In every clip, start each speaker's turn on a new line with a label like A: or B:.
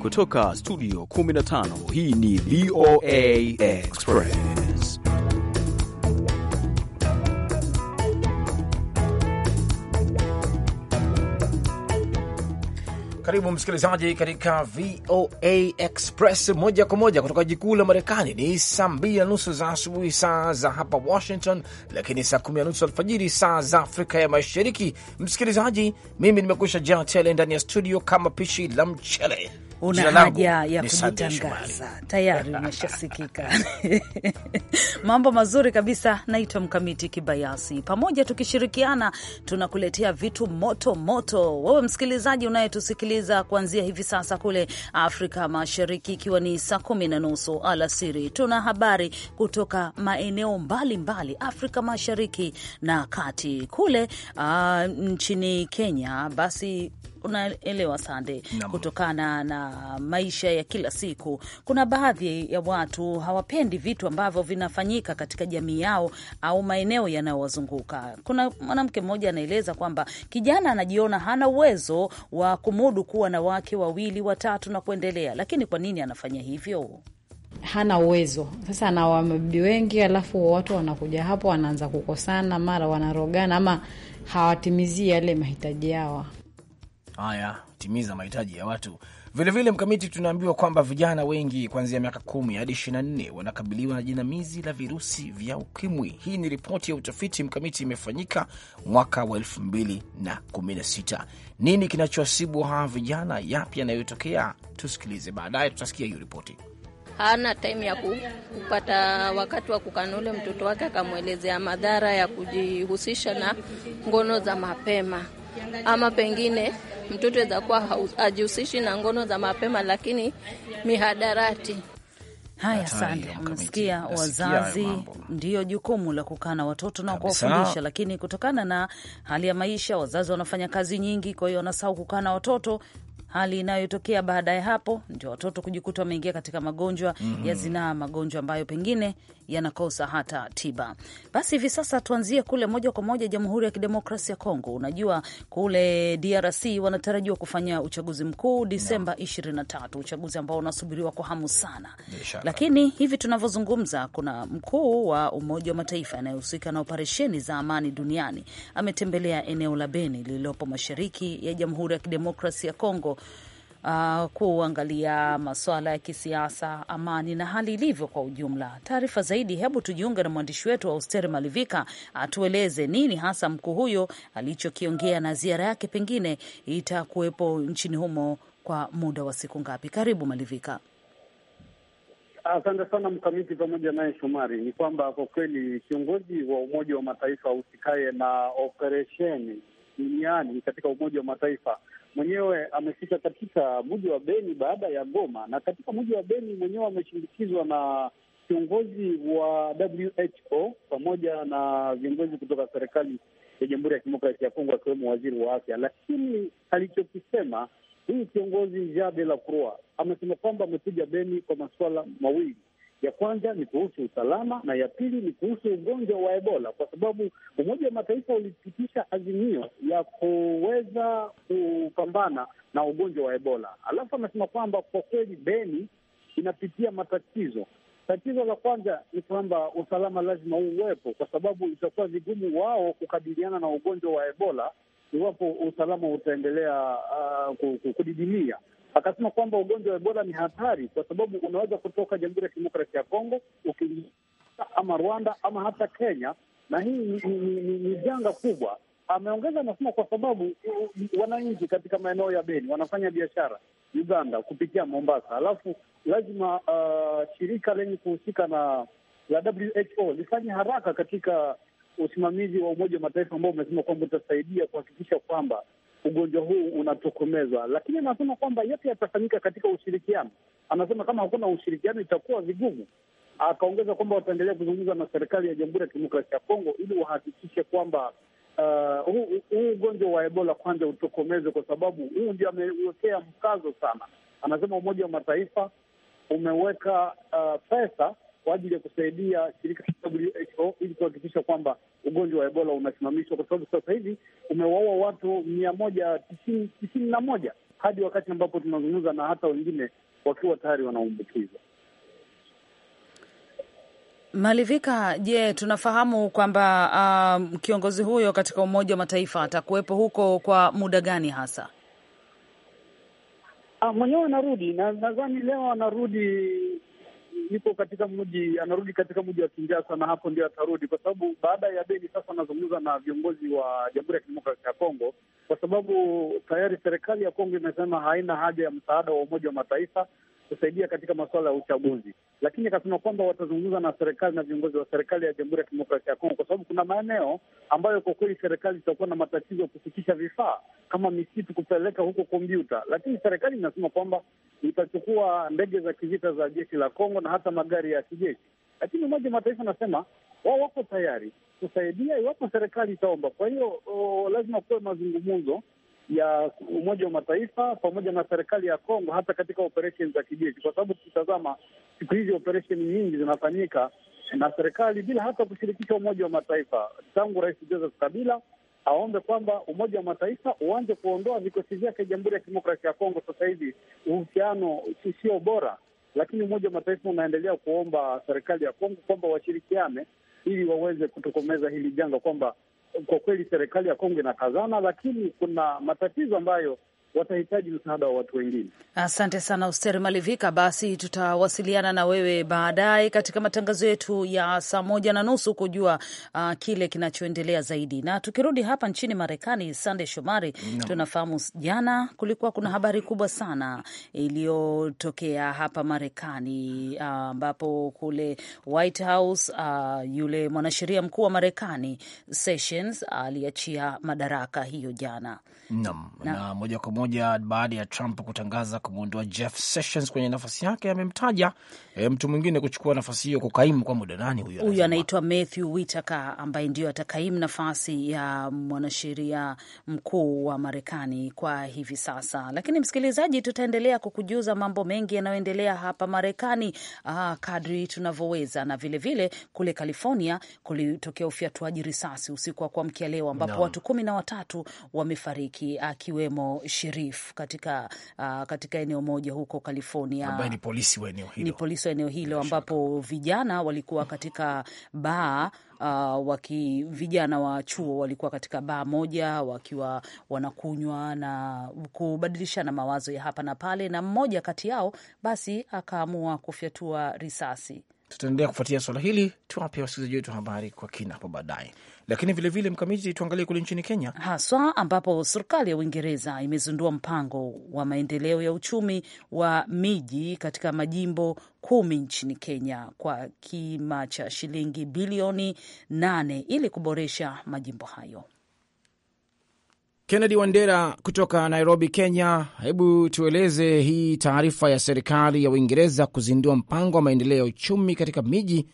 A: Kutoka studio 15 hii ni VOA Express. Karibu msikilizaji katika VOA Express moja kwa moja kutoka jikuu la Marekani. Ni saa mbili na nusu za asubuhi saa za hapa Washington, lakini saa kumi na nusu alfajiri saa za Afrika ya Mashariki. Msikilizaji, mimi nimekusha jaa tele ndani ya studio kama pishi la mchele
B: una haja ya kujitangaza, tayari umeshasikika. Mambo mazuri kabisa. Naitwa Mkamiti Kibayasi. Pamoja tukishirikiana, tunakuletea vitu moto moto. Wewe msikilizaji unayetusikiliza kuanzia hivi sasa kule Afrika Mashariki, ikiwa ni saa kumi na nusu alasiri, tuna habari kutoka maeneo mbalimbali mbali, Afrika Mashariki na kati kule uh, nchini Kenya basi unaelewa Sande, kutokana na maisha ya kila siku, kuna baadhi ya watu hawapendi vitu ambavyo vinafanyika katika jamii yao au maeneo yanayowazunguka. Kuna mwanamke mmoja anaeleza kwamba kijana anajiona hana uwezo wa kumudu kuwa na wake wawili watatu na kuendelea, lakini kwa nini anafanya hivyo?
C: hana uwezo sasa, na wamabibi wengi, alafu watu wanakuja hapo, wanaanza kukosana, mara wanarogana, ama hawatimizi yale mahitaji yao
A: haya timiza mahitaji ya watu. Vilevile vile mkamiti, tunaambiwa kwamba vijana wengi kuanzia miaka kumi hadi ishirini na nne wanakabiliwa na jinamizi la virusi vya ukimwi. Hii ni ripoti ya utafiti mkamiti, imefanyika mwaka wa elfu mbili na kumi na sita. Nini kinachowasibu hawa vijana? Yapi yanayotokea? Tusikilize, baadaye tutasikia hiyo ripoti.
D: Hana taimu ya kupata wakati wa kukanule mtoto wake akamwelezea madhara ya kujihusisha na ngono za mapema ama pengine mtoto aweza kuwa hajihusishi na ngono za mapema, lakini mihadarati
C: Haya, asante.
B: amesikia wazazi ndiyo jukumu la kukaa na watoto na kuwafundisha, lakini kutokana na hali ya maisha, wazazi wanafanya kazi nyingi, kwa hiyo wanasahau kukaa na watoto, hali inayotokea baada ya hapo ndio watoto kujikuta wameingia katika magonjwa mm -hmm. ya zinaa, magonjwa ambayo pengine yanakosa hata tiba. Basi hivi sasa tuanzie kule moja kwa moja Jamhuri ya Kidemokrasia ya Kongo. Unajua kule DRC wanatarajiwa kufanya uchaguzi mkuu Disemba no. 23, uchaguzi ambao unasubiriwa kwa hamu sana Nishara. Lakini hivi tunavyozungumza, kuna mkuu wa Umoja wa Mataifa anayehusika na operesheni za amani duniani ametembelea eneo la Beni lililopo mashariki ya Jamhuri ya Kidemokrasia ya Kongo uh, kuangalia masuala ya kisiasa, amani na hali ilivyo kwa ujumla. Taarifa zaidi, hebu tujiunge na mwandishi wetu wa Austeri Malivika atueleze nini hasa mkuu huyo alichokiongea na ziara yake pengine itakuwepo nchini humo kwa muda wa siku ngapi? Karibu Malivika.
E: Asante sana mkamiti, pamoja naye Shomari. Ni kwamba kwa kweli kiongozi wa Umoja wa Mataifa usikaye na operesheni duniani katika Umoja wa Mataifa mwenyewe amefika katika mji wa Beni baada ya Goma, na katika mji wa Beni mwenyewe ameshindikizwa na kiongozi wa WHO pamoja na viongozi kutoka serikali ya Jamhuri ya Kidemokrasia ya Kongo akiwemo waziri wa afya, lakini alichokisema huyu kiongozi Jean de la Croix amesema kwamba amekuja Beni kwa masuala mawili. Ya kwanza ni kuhusu usalama na ya pili ni kuhusu ugonjwa wa Ebola, kwa sababu Umoja wa Mataifa ulipitisha azimio ya kuweza kupambana na ugonjwa wa Ebola. Alafu anasema kwamba kwa kweli Beni inapitia matatizo. Tatizo la kwanza ni kwamba usalama lazima uwepo, kwa sababu itakuwa vigumu wao kukabiliana na ugonjwa wa Ebola iwapo usalama utaendelea uh, kudidimia akasema kwamba ugonjwa wa Ebola ni hatari kwa sababu unaweza kutoka Jamhuri ya Kidemokrasia ya Kongo ukiingia ama Rwanda ama hata Kenya, na hii ni, ni, ni, ni janga kubwa. Ameongeza anasema kwa sababu wananchi katika maeneo ya Beni wanafanya biashara Uganda kupitia Mombasa, alafu lazima uh, shirika lenye kuhusika na la WHO lifanye haraka katika usimamizi wa Umoja wa Mataifa ambao umesema kwamba utasaidia kuhakikisha kwamba ugonjwa huu unatokomezwa, lakini anasema kwamba yote yatafanyika katika ushirikiano. Anasema kama hakuna ushirikiano itakuwa vigumu. Akaongeza kwamba wataendelea kuzungumza na serikali ya Jamhuri ya Kidemokrasia ya Kongo ili wahakikishe kwamba uh, huu uh, ugonjwa wa Ebola kwanza utokomezwe, kwa sababu huu ndio amewekea mkazo sana. Anasema Umoja wa Mataifa umeweka uh, pesa kwa ajili ya kusaidia shirika la WHO ili kuhakikisha kwamba ugonjwa wa Ebola unasimamishwa, kwa sababu sasa hivi umewaua watu mia moja tisini, tisini na moja hadi wakati ambapo tunazungumza na hata wengine wakiwa tayari wanaambukizwa.
B: Malivika, je, tunafahamu kwamba um, kiongozi huyo katika Umoja wa Mataifa atakuwepo huko kwa muda gani hasa?
E: Ah, mwenyewe anarudi na nadhani leo anarudi yuko katika mji, anarudi katika mji wa Kinjasa na hapo ndio atarudi, kwa sababu baada ya Beni sasa anazungumza na viongozi wa Jamhuri ya Kidemokrasia ya Kongo, kwa sababu tayari serikali ya Kongo imesema haina haja ya msaada wa Umoja wa Mataifa kusaidia katika masuala ya uchaguzi, lakini akasema kwamba watazungumza na serikali na viongozi wa serikali ya Jamhuri ya Kidemokrasia ya Kongo, kwa sababu kuna maeneo ambayo kwa kweli serikali itakuwa na matatizo ya kufikisha vifaa kama misitu, kupeleka huko kompyuta, lakini serikali inasema kwamba itachukua ndege za kivita za jeshi la Kongo na hata magari ya kijeshi, lakini Umoja wa Mataifa anasema wao wako tayari kusaidia iwapo serikali itaomba. Kwa hiyo lazima kuwe mazungumzo ya Umoja wa Mataifa pamoja na serikali ya Kongo, hata katika operesheni za kijeshi, kwa sababu tukitazama siku hizi operesheni nyingi zinafanyika na serikali bila hata kushirikisha Umoja wa Mataifa tangu Rais Joseph Kabila aombe kwamba Umoja wa Mataifa uanze kuondoa vikosi vyake Jamhuri ya Kidemokrasia ya Kongo. Sasa hivi uhusiano usio bora, lakini Umoja wa Mataifa unaendelea kuomba serikali ya Kongo kwamba washirikiane ili waweze kutokomeza hili janga, kwamba kwa kweli serikali ya Kongo inakazana, lakini kuna matatizo ambayo watahitaji msaada wa watu wengine.
B: Asante sana Oster Malivika. Basi tutawasiliana na wewe baadaye katika matangazo yetu ya saa moja na nusu kujua uh, kile kinachoendelea zaidi. Na tukirudi hapa nchini Marekani, Sande Shomari, no. tunafahamu jana kulikuwa kuna habari kubwa sana iliyotokea hapa Marekani uh, ambapo uh, kule White House uh, yule mwanasheria mkuu wa Marekani Sessions aliachia uh, madaraka hiyo jana no.
A: na, na moja kwa moja baada ya Trump kutangaza kumwondoa Jeff Sessions kwenye nafasi yake, amemtaja e, mtu mwingine kuchukua nafasi hiyo, kukaimu kwa muda. Nani huyo?
B: Huyu anaitwa Matthew Whitaker ambaye ndio atakaimu nafasi ya mwanasheria mkuu wa Marekani kwa hivi sasa. Lakini msikilizaji, tutaendelea kukujuza mambo mengi yanayoendelea hapa Marekani ah, kadri tunavyoweza, na vilevile vile, kule California kulitokea ufyatuaji risasi usiku wa kuamkia leo ambapo no. watu kumi na watatu wamefariki akiwemo sherif katika, uh, katika eneo moja huko California ambaye ni
A: polisi wa eneo hilo,
B: ni polisi wa eneo hilo ambapo vijana walikuwa katika baa Uh, waki vijana wa chuo walikuwa katika baa moja wakiwa wanakunywa na kubadilishana mawazo ya hapa na pale, na mmoja kati yao basi akaamua kufyatua risasi.
A: Tutaendelea kufuatia swala hili,
B: tuwape wasikilizaji wetu habari kwa kina hapo baadaye. Lakini vilevile mkamiti, tuangalie kule nchini Kenya haswa ambapo serikali ya Uingereza imezindua mpango wa maendeleo ya uchumi wa miji katika majimbo kumi nchini Kenya kwa kima cha shilingi bilioni nane ili kuboresha majimbo hayo.
A: Kennedy Wandera kutoka Nairobi, Kenya, hebu tueleze hii taarifa ya serikali ya Uingereza kuzindua mpango wa maendeleo ya uchumi katika miji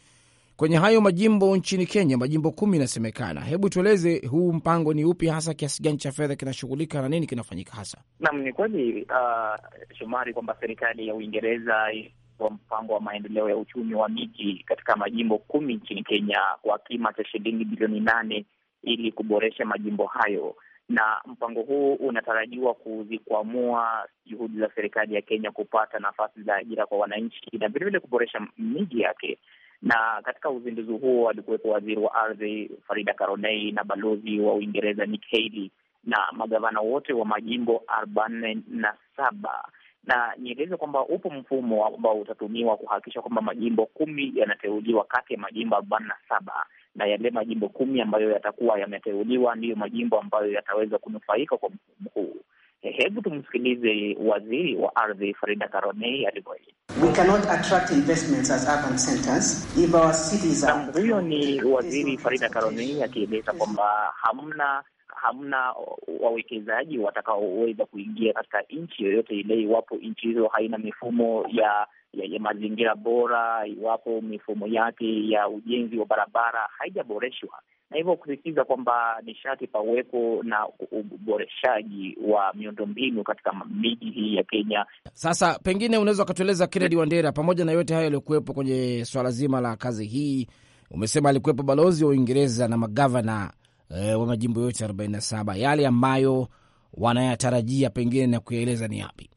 A: Kwenye hayo majimbo nchini Kenya, majimbo kumi inasemekana. Hebu tueleze huu mpango ni upi hasa, kiasi gani cha fedha kinashughulika na nini kinafanyika hasa?
F: Naam, ni kweli uh, Shomari, kwamba serikali ya Uingereza wa mpango wa maendeleo ya uchumi wa miji katika majimbo kumi nchini Kenya kwa kima cha shilingi bilioni nane ili kuboresha majimbo hayo na mpango huu unatarajiwa kuzikwamua juhudi za serikali ya Kenya kupata nafasi za ajira kwa wananchi na vilevile kuboresha miji yake. Na katika uzinduzi huo walikuwepo waziri wa ardhi Farida Karonei na balozi wa Uingereza Nick Hailey na magavana wote wa majimbo arobaini na saba na nieleze kwamba upo mfumo ambao utatumiwa kuhakikisha kwamba majimbo kumi yanateuliwa kati ya majimbo arobaini na saba na yale majimbo kumi ambayo yatakuwa yameteuliwa ndiyo majimbo ambayo yataweza kunufaika kwa mfumo huu. Eh, hebu tumsikilize waziri wa ardhi Farida Karonei alivyoeleza. Huyo ni waziri Farida Karonei akieleza kwamba hamna hamna wawekezaji watakaoweza kuingia katika nchi yoyote ile iwapo nchi hiyo haina mifumo ya ya, ya mazingira bora, iwapo mifumo yake ya ujenzi wa barabara haijaboreshwa, na hivyo kusisitiza kwamba ni pawepo na uboreshaji wa miundombinu katika miji hii ya Kenya.
A: Sasa pengine unaweza ukatueleza, Kennedy Wandera, pamoja na yote hayo yaliyokuwepo kwenye swala zima la kazi hii, umesema alikuwepo balozi wa Uingereza na magavana eh, wa majimbo yote arobaini na saba, yale ambayo wanayatarajia pengine na kuyaeleza ni yapi?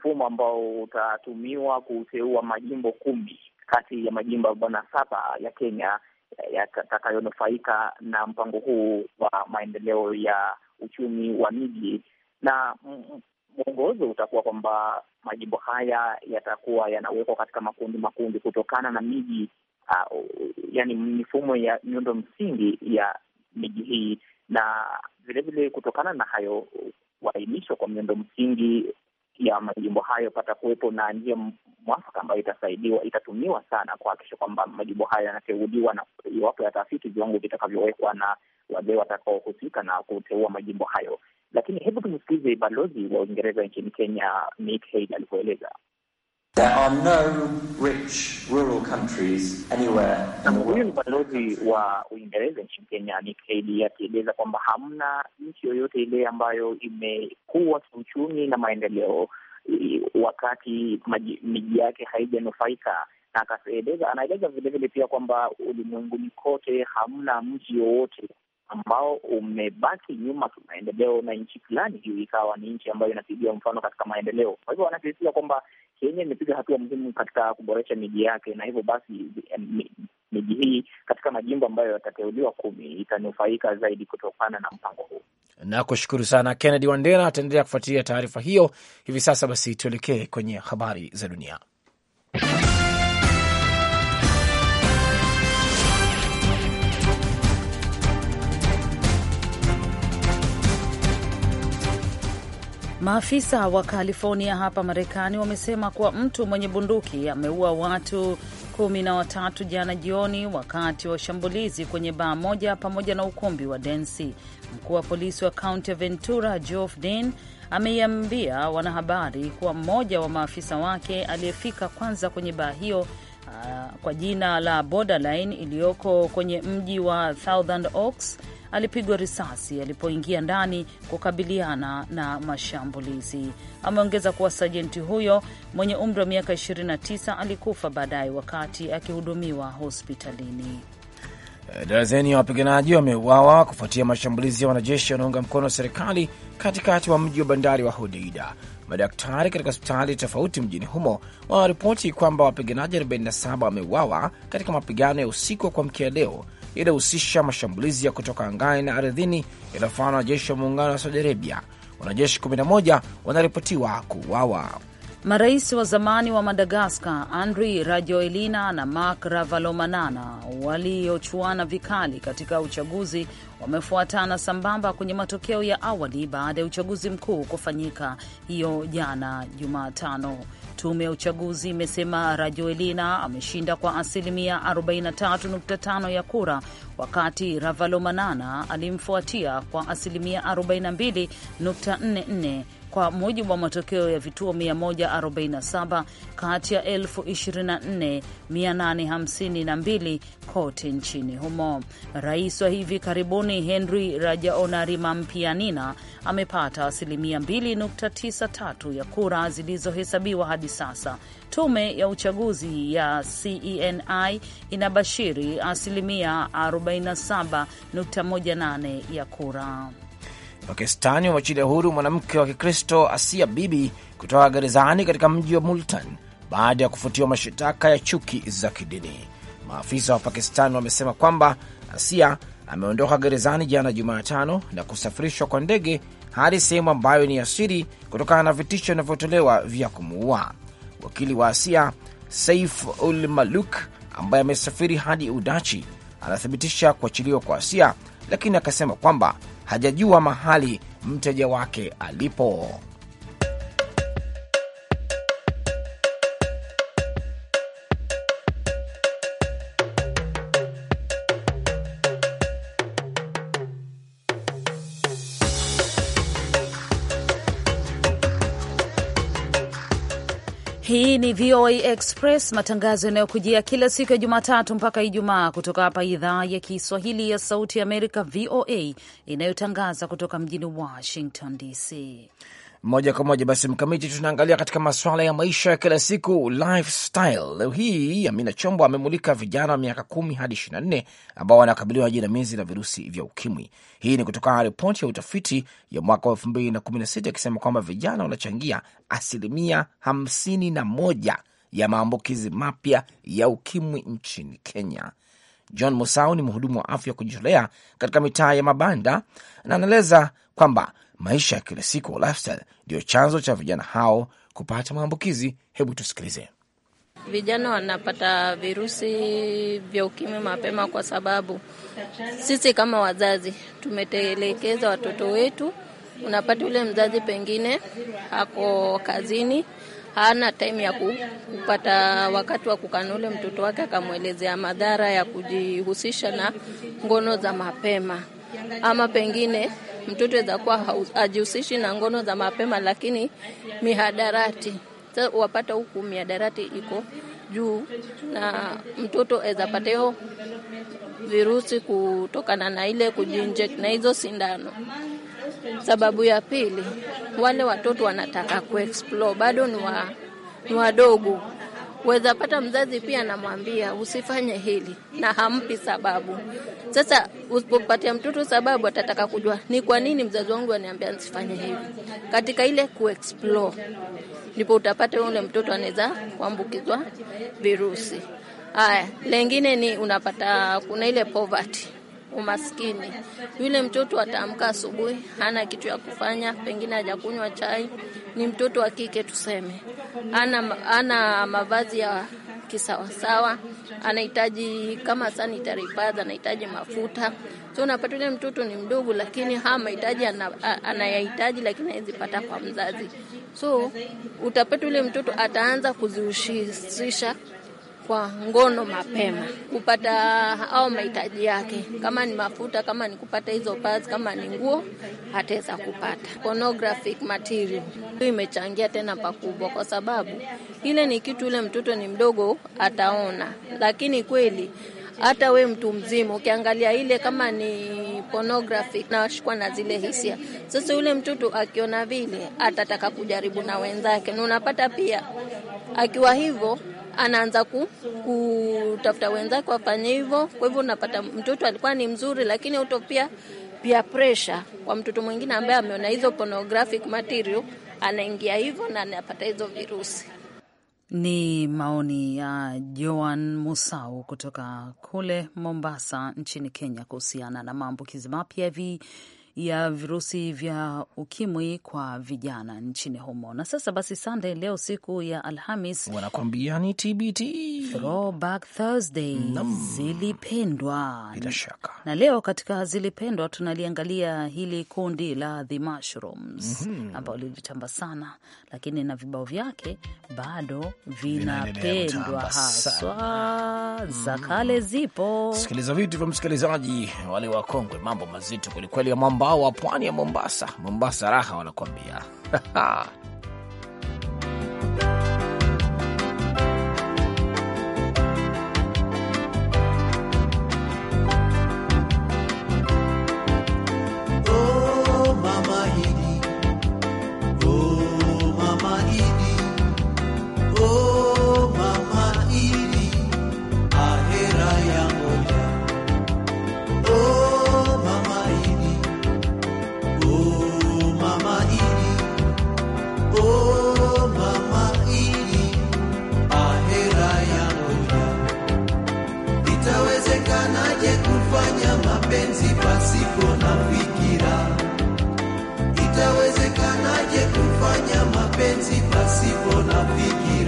F: mfumo ambao utatumiwa kuteua majimbo kumi kati ya majimbo arobaini na saba ya Kenya eh, yatakayonufaika na mpango huu wa maendeleo ya uchumi wa miji, na mwongozo utakuwa kwamba majimbo haya yatakuwa yanawekwa katika makundi makundi kutokana na miji uh, yani mifumo ya miundo msingi ya miji hii, na vilevile kutokana na hayo uainishwa kwa miundo msingi ya majimbo hayo patakuwepo na njia mwafaka ambayo itasaidiwa itatumiwa sana kuhakikisha kwamba majimbo hayo yanateuliwa na iwapo yataafiki viwango vitakavyowekwa na wazee watakaohusika na kuteua majimbo hayo. Lakini hebu tumsikilize balozi wa Uingereza nchini Kenya, Nick alivyoeleza. Huyu ni balozi wa Uingereza nchini Kenya, Nick Hailey akieleza kwamba hamna nchi yoyote ile ambayo imekuwa kiuchumi na maendeleo wakati miji yake haijanufaika na akaeleza, anaeleza vilevile pia kwamba ulimwenguni kote hamna mji wowote ambao umebaki nyuma kimaendeleo na nchi fulani hiyo ikawa ni nchi ambayo inapigiwa mfano katika maendeleo. Kwa hivyo wanasisitiza kwamba Kenya imepiga hatua muhimu katika kuboresha miji yake, na hivyo basi eh, miji hii katika majimbo ambayo yatateuliwa kumi itanufaika zaidi kutokana na mpango
A: huu. Nakushukuru sana Kennedy Wandera, ataendelea kufuatilia taarifa hiyo. Hivi sasa basi tuelekee kwenye habari za dunia.
B: Maafisa wa California hapa Marekani wamesema kuwa mtu mwenye bunduki ameua watu kumi na watatu jana jioni wakati wa shambulizi kwenye baa moja pamoja na ukumbi wa densi. Mkuu wa polisi wa kaunti ya Ventura, Geoff Dean, ameiambia wanahabari kuwa mmoja wa maafisa wake aliyefika kwanza kwenye baa hiyo uh, kwa jina la Borderline iliyoko kwenye mji wa Thousand Oaks alipigwa risasi alipoingia ndani kukabiliana na mashambulizi. Ameongeza kuwa sajenti huyo mwenye umri wa miaka 29 alikufa baadaye wakati akihudumiwa hospitalini.
A: Eh, darazeni ya wapiganaji wameuawa kufuatia mashambulizi ya wanajeshi wanaunga mkono serikali katikati wa mji wa bandari wa Hodeida. Madaktari katika hospitali tofauti mjini humo wanaripoti kwamba wapiganaji 47 wameuawa katika mapigano ya usiku wa kuamkia leo yaliyohusisha mashambulizi ya kutoka angani na ardhini yanayofana na jeshi wa muungano wa Saudi Arabia. Wanajeshi 11 wanaripotiwa kuuawa.
B: Marais wa zamani wa Madagaskar Andry Rajoelina na Marc Ravalomanana waliochuana vikali katika uchaguzi wamefuatana sambamba kwenye matokeo ya awali baada ya uchaguzi mkuu kufanyika hiyo jana Jumatano. Tume ya uchaguzi imesema Rajoelina ameshinda kwa asilimia 43.5 ya kura, wakati Ravalomanana alimfuatia kwa asilimia 42.44 kwa mujibu wa matokeo ya vituo 147 kati ya 24852 kote nchini humo. Rais wa hivi karibuni Kameruni Henry Rajaonarimampianina amepata asilimia 2.93 ya kura zilizohesabiwa hadi sasa. Tume ya uchaguzi ya CENI inabashiri asilimia 47.18 ya kura.
A: Pakistani wameachilia huru mwanamke wa Kikristo Asia Bibi kutoka gerezani katika mji wa Multan baada ya kufutiwa mashitaka ya chuki za kidini. Maafisa wa Pakistani wamesema kwamba Asia ameondoka gerezani jana Jumatano na kusafirishwa kwa ndege hadi sehemu ambayo ni asiri kutokana na vitisho vinavyotolewa vya kumuua. Wakili wa Asia Saif ul Maluk ambaye amesafiri hadi Udachi anathibitisha kuachiliwa kwa Asia, lakini akasema kwamba hajajua mahali mteja wake alipo.
B: VOA Express, matangazo yanayokujia kila siku ya Jumatatu mpaka Ijumaa kutoka hapa idhaa ya Kiswahili ya Sauti ya Amerika, VOA, inayotangaza kutoka mjini Washington DC
A: moja kwa moja. Basi Mkamiti, tunaangalia katika maswala ya maisha ya kila siku, lifestyle. Leo hii Amina Chombo amemulika vijana wa miaka kumi hadi ishirini na nne ambao wanakabiliwa na jinamizi la virusi vya ukimwi. Hii ni kutokana na ripoti ya utafiti ya mwaka wa elfu mbili na kumi na sita ikisema kwamba vijana wanachangia asilimia hamsini na moja ya maambukizi mapya ya ukimwi nchini Kenya. John Musau ni mhudumu wa afya wa kujitolea katika mitaa ya mabanda na anaeleza kwamba maisha ya kila siku lifestyle ndiyo chanzo cha vijana hao kupata maambukizi. Hebu tusikilize.
D: Vijana wanapata virusi vya ukimwi mapema kwa sababu sisi kama wazazi tumetelekeza watoto wetu. Unapata yule mzazi pengine ako kazini, hana time ya kupata wakati wa kukana ule mtoto wake akamwelezea madhara ya kujihusisha na ngono za mapema ama pengine mtoto aweza kuwa hajihusishi na ngono za mapema, lakini mihadarati sasa wapata huku mihadarati iko juu, na mtoto aweza pata hiyo virusi kutokana na ile kujinject na hizo sindano. Sababu ya pili, wale watoto wanataka kuexplore, bado ni wadogo Weza pata mzazi pia anamwambia usifanye hili na hampi sababu. Sasa usipopatia mtoto sababu, atataka kujua ni kwa nini mzazi wangu ananiambia nisifanye hivi. Katika ile explore, ndipo utapata yule mtoto anaweza kuambukizwa virusi haya. Lengine ni unapata kuna ile poverty umaskini. Yule mtoto ataamka asubuhi, hana kitu ya kufanya, pengine hajakunywa chai, ni mtoto wa kike tuseme, ana, ana mavazi ya kisawasawa, anahitaji kama sanitary pads, anahitaji mafuta. So unapata yule mtoto ni mdogo, lakini haya mahitaji anayahitaji, lakini pata kwa mzazi. So utapata yule mtoto ataanza kuzihusisha kwa ngono mapema kupata au mahitaji yake, kama ni mafuta, kama ni kupata hizo pads, kama ni nguo, hataweza kupata. Pornographic material imechangia tena pakubwa, kwa sababu ile ni kitu ile mtoto ni mdogo ataona, lakini kweli hata we mtu mzima ukiangalia ile kama ni pornography nawashikwa na zile hisia. Sasa yule mtoto akiona vile atataka kujaribu na wenzake, na unapata pia akiwa hivyo anaanza ku, kutafuta wenzake wafanye hivyo. Kwa hivyo unapata mtoto alikuwa ni mzuri, lakini utopia pia pressure kwa mtoto mwingine ambaye ameona hizo pornographic material anaingia hivyo na anapata hizo virusi.
B: Ni maoni ya Joan Musau kutoka kule Mombasa nchini Kenya kuhusiana na maambukizi mapya hivi ya virusi vya ukimwi kwa vijana nchini humo. Na sasa basi, Sunday, leo siku ya Alhamis wanakwambia ni TBT, throwback Thursday, zilipendwa bila shaka. Na leo katika zilipendwa tunaliangalia hili kundi la The Mushrooms mm -hmm. ambao lilitamba sana, lakini na vibao vyake bado vinapendwa haswa mhm. za kale zipo.
A: Sikiliza vitu vya msikilizaji, wale wakongwe, mambo mazito kwelikweli ya mambo wao wa pwani ya Mombasa. Mombasa raha wanakuambia pasipo na fikiri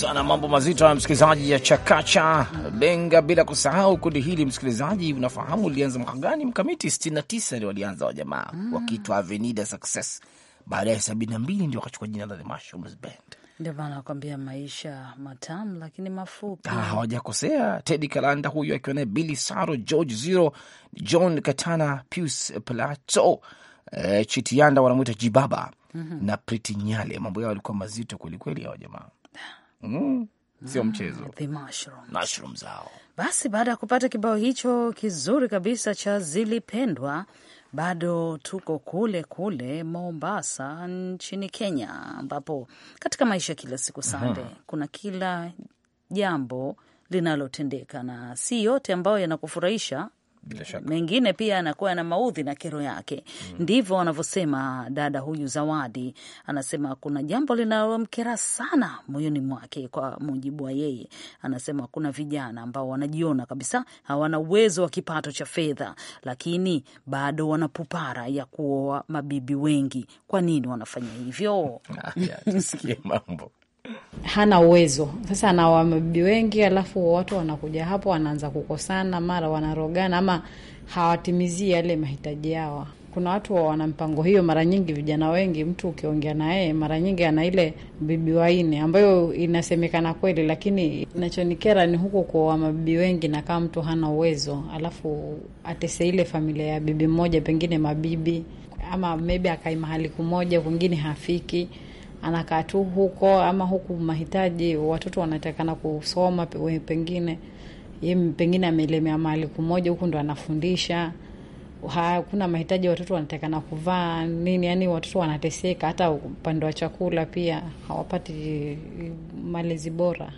A: sana mambo mazito ya msikilizaji ya chakacha benga, bila kusahau kundi hili msikilizaji, unafahamu lilianza mwaka gani? Mkamiti 69 ndio walianza wajamaa mm, wakiitwa Avenida Success. Baada ya 72 ndio wakachukua jina la The Mushrooms Band.
B: Ndio maana nakwambia maisha matamu lakini mafupi. Ah,
A: Hawajakosea. Teddy Kalanda huyu akiwa naye Billy Saro, George Zero, John Katana, Pius Plato, eh, Chitianda wanamwita Jibaba mm -hmm. na Priti Nyale. Mambo yao yalikuwa mazito kwelikweli, hawa jamaa mm. Sio mchezo
B: ah,
A: mushroom zao.
B: Basi baada ya kupata kibao hicho kizuri kabisa cha zilipendwa, bado tuko kule kule Mombasa nchini Kenya, ambapo katika maisha kila siku sande, kuna kila jambo linalotendeka na si yote ambayo yanakufurahisha mengine pia anakuwa na maudhi na kero yake. Mm. Ndivyo wanavyosema dada huyu Zawadi, anasema kuna jambo linalomkera sana moyoni mwake. Kwa mujibu wa yeye, anasema kuna vijana ambao wanajiona kabisa hawana uwezo wa kipato cha fedha, lakini bado wana pupara ya kuoa mabibi wengi. Kwa nini wanafanya hivyo?
C: Ah, tusikie mambo hana uwezo. Sasa ana wamabibi wengi, alafu watu wanakuja hapo wanaanza kukosana, mara wanarogana ama hawatimizii yale mahitaji yao. Kuna watu wana mpango hiyo. Mara nyingi vijana wengi, mtu ukiongea naye, mara nyingi ana ile bibi waine ambayo inasemekana kweli, lakini inachonikera ni huku kuoa mabibi wengi, na kama mtu hana uwezo alafu atese ile familia ya bibi mmoja, pengine mabibi ama maybe akai mahali kumoja, kwingine hafiki anakaa tu huko ama huku, mahitaji watoto wanatakana kusoma, pengine ye pengine amelemea mahali kumoja huku ndo anafundisha hakuna mahitaji, watoto wanatakana kuvaa nini, yani watoto wanateseka. Hata upande wa chakula pia hawapati malezi bora,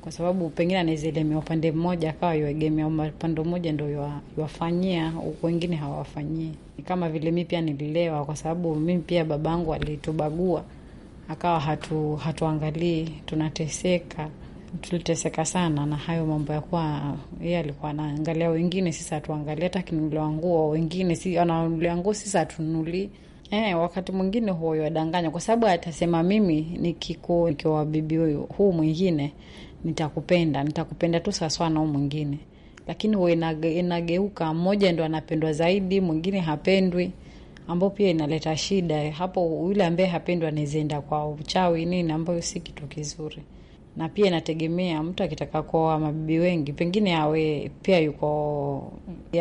C: kwa sababu pengine anaezelemea upande mmoja, akawa yuegemea upande mmoja ndo yuwafanyia, wengine hawawafanyii. Kama vile mi pia nililewa, kwa sababu mi pia babangu alitubagua akawa hatu, hatuangalii tunateseka. Tuliteseka sana na hayo mambo ya kuwa yeye alikuwa anaangalia wengine, sisi atuangalii Hata akinunuliwa nguo wengine, si ananunulia nguo, sisi atunuli Eh, wakati mwingine huwa yadanganya kwa sababu atasema mimi nikiku nikiwa bibi huyu huu mwingine nitakupenda, nitakupenda tu sawasawa na huu mwingine, lakini huwa inageuka, mmoja ndo anapendwa zaidi, mwingine hapendwi ambao pia inaleta shida hapo. Yule ambaye hapendwa anaweza kwa uchawi nini, ambayo si kitu kizuri na pia inategemea mtu akitaka kuoa mabibi wengi, pengine awe pia yuko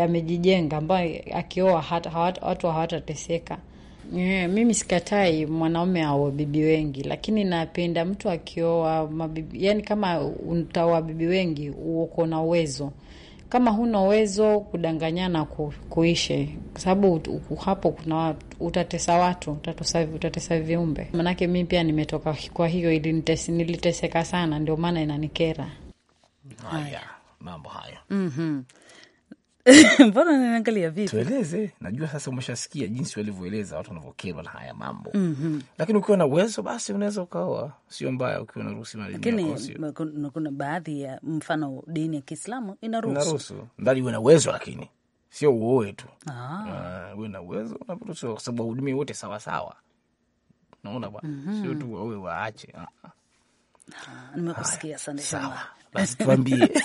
C: amejijenga, ambayo akioa watu hawatateseka. Yeah, mimi sikatai mwanaume aoe bibi wengi, lakini napenda mtu akioa mabibi, yani kama utaoa bibi wengi uko na uwezo kama huna uwezo, kudanganyana ku, kuishe, kwa sababu hapo kuna utatesa watu, utatesa, utatesa viumbe. maanake mi pia nimetoka kwa hiyo, niliteseka sana, ndio maana inanikera haya mambo hayo. mm -hmm. mbona naangalia
A: vipi? Tueleze, najua sasa umeshasikia jinsi walivyoeleza watu wanavyokerwa na haya mambo mm -hmm. Lakini ukiwa na uwezo basi unaweza ukaoa, sio mbaya ukiwa na ruhusa. Lakini
B: kuna baadhi ya mfano dini ya Kiislamu inaruhusu
A: ndani uwe na uwezo, lakini sio uoe tu, ah. Ah, uwe na uwezo unaruhusiwa, kwa sababu wahudumia wote sawasawa. Naona bwana mm -hmm. sio tu waoe waache. Ah. Nimekusikia sana. Basi tuambie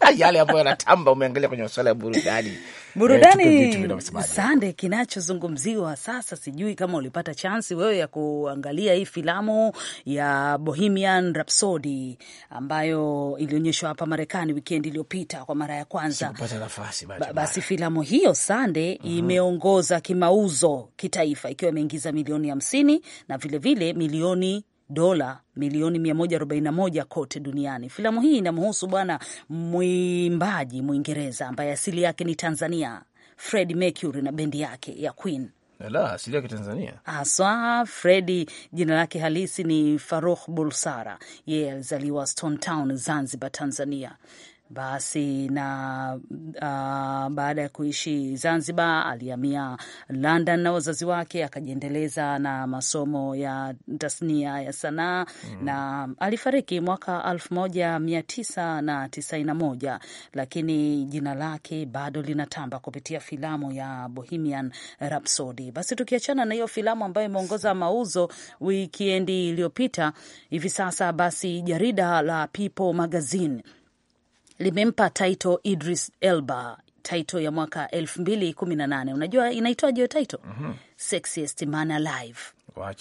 A: yale ambayo yanatamba. Umeangalia kwenye masuala ya burudani,
B: burudani eh, sande, kinachozungumziwa sasa. Sijui kama ulipata chansi wewe ya kuangalia hii filamu ya Bohemian Rhapsody ambayo ilionyeshwa hapa Marekani wikendi iliyopita kwa mara ya kwanza. Sikupata nafasi ba, basi filamu hiyo sande, mm -hmm. imeongoza kimauzo kitaifa ikiwa imeingiza milioni hamsini na vilevile vile milioni dola milioni 141 kote duniani. Filamu hii inamhusu bwana mwimbaji Mwingereza ambaye asili yake ni Tanzania, Fred Mercury na bendi yake ya Queen. La, asili yake Tanzania haswa. Fredi jina lake halisi ni faruh Bulsara, yeye yeah, alizaliwa Stone Town, Zanzibar, Tanzania. Basi na uh, baada ya kuishi Zanzibar alihamia London na wazazi wake, akajiendeleza na masomo ya tasnia ya sanaa mm. na alifariki mwaka elfu moja mia tisa na tisaini na moja, lakini jina lake bado linatamba kupitia filamu ya Bohemian Rhapsody. Basi tukiachana na hiyo filamu ambayo imeongoza mauzo wikiendi iliyopita, hivi sasa basi jarida la People Magazine limempa taito Idris Elba taito ya mwaka nane. unajua inaitwaje taito? mm -hmm. Sexiest Man Alive.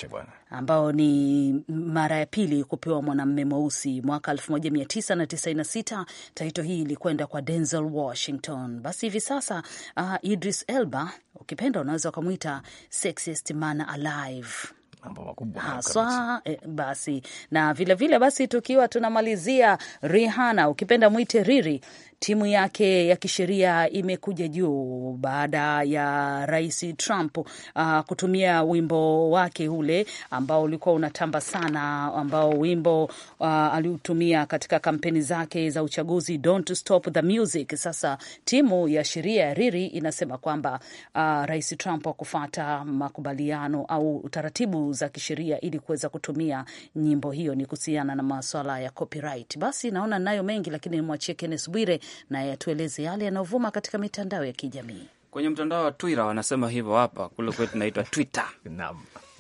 B: bwana, ambao ni mara ya pili kupewa mwanamume mweusi. Mwaka 1996 taito hii ilikwenda kwa Denzel Washington. Basi hivi sasa uh, Idris Elba ukipenda unaweza ukamwita Sexiest Man Alive mambo makubwa haswa. E, basi na vilevile vile, basi tukiwa tunamalizia Rihanna, ukipenda mwite Riri timu yake ya kisheria imekuja juu baada ya Rais Trump uh, kutumia wimbo wake ule ambao ulikuwa unatamba sana, ambao wimbo uh, aliutumia katika kampeni zake za uchaguzi Don't Stop the Music. Sasa timu ya sheria ya Riri inasema kwamba uh, Rais Trump hakufuata makubaliano au taratibu za kisheria ili kuweza kutumia nyimbo hiyo, ni kuhusiana na maswala ya copyright. Basi naona nayo mengi, lakini nimwachie Kennes Bwire naye atueleze yale yanayovuma katika mitandao ya kijamii.
G: Kwenye mtandao wa Twitter wanasema hivyo, hapa kule kwetu naitwa Twitter.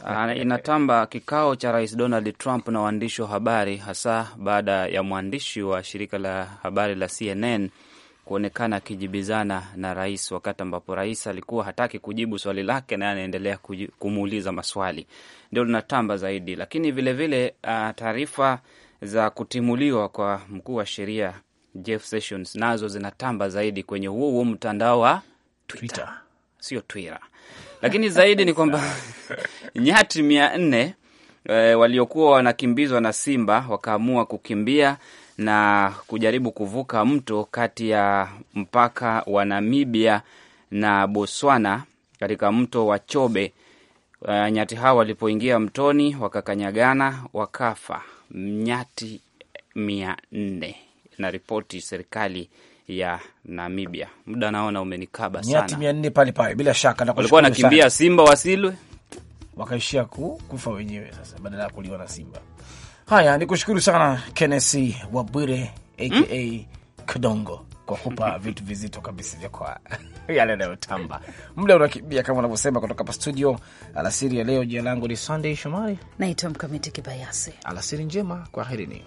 G: Ah, inatamba kikao cha Rais Donald Trump na waandishi wa habari, hasa baada ya mwandishi wa shirika la habari la CNN kuonekana akijibizana na rais, wakati ambapo rais alikuwa hataki kujibu swali lake, naye anaendelea kumuuliza maswali. Ndio linatamba zaidi, lakini vilevile ah, taarifa za kutimuliwa kwa mkuu wa sheria Jeff Sessions nazo zinatamba zaidi kwenye huo huo mtandao wa Twitter, Twitter. Sio Twitter
A: lakini zaidi ni kwamba
G: nyati mia nne e, waliokuwa wanakimbizwa na simba wakaamua kukimbia na kujaribu kuvuka mto kati ya mpaka wa Namibia na Botswana katika mto wa Chobe. Uh, nyati hao walipoingia mtoni wakakanyagana, wakafa nyati mia nne na ripoti serikali ya Namibia. Muda naona umenikaba sana, nyati
A: mia nne pale pale. Bila shaka walikuwa nakimbia simba wasilwe, wakaishia kufa wenyewe, sasa badala ya kuliwa na simba. Haya, ni kushukuru sana Kennesi Wabwire aka hmm? Kadongo kwa kupa vitu vizito kabisa vya kwa yale yanayotamba. Muda unakimbia kama unavyosema. Kutoka hapa studio alasiri ya leo, jina langu ni Sunday
B: Shomari, naitwa Mkamiti Kibayasi. Alasiri njema,
A: kwaherini.